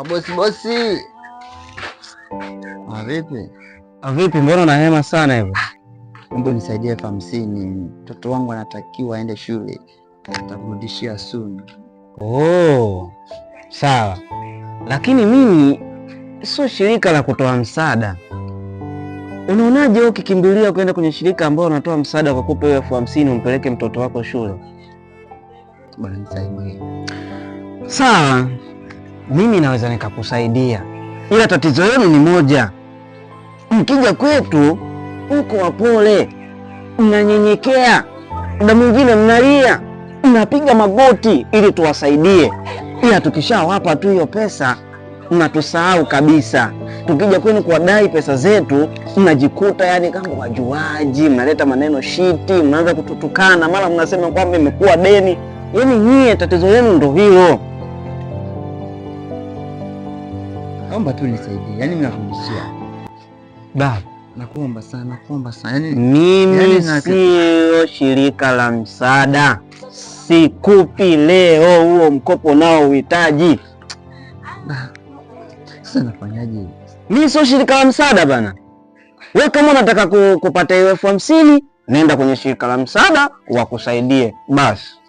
Mabosi bosi, ah, vipi? Ah, vipi, mbona hema sana hivyo? Mbona nisaidie elfu hamsini, mtoto wangu anatakiwa aende shule, Nitakurudishia soon. Oh, sawa, lakini mimi sio shirika la kutoa msaada. Unaonaje wewe ukikimbilia kwenda kwenye shirika ambao unatoa msaada kwa kupa elfu hamsini umpeleke mtoto wako shule? Bwana nisaidie. Sawa mimi naweza nikakusaidia, ila tatizo lenu ni moja. Mkija kwetu huko wapole, mnanyenyekea, muda mwingine mnalia, mnapiga magoti ili tuwasaidie, ila tukishawapa tu hiyo pesa mnatusahau kabisa. Tukija kwenu kuwadai pesa zetu, mnajikuta yani kama wajuaji, mnaleta maneno shiti, mnaanza kututukana, mara mnasema kwamba imekuwa deni. Yani nyie tatizo lenu ndo hilo. naomba tu nisaidie, yaani mimi nakumbishia baba, nakuomba sana, nakuomba sana yani, mimi yani siyo shirika la msaada, sikupi leo huo mkopo nao uhitaji. Sasa nafanyaje? Mimi sio shirika la msaada bana. Wewe kama unataka kupata elfu hamsini nenda kwenye shirika la msaada wakusaidie basi.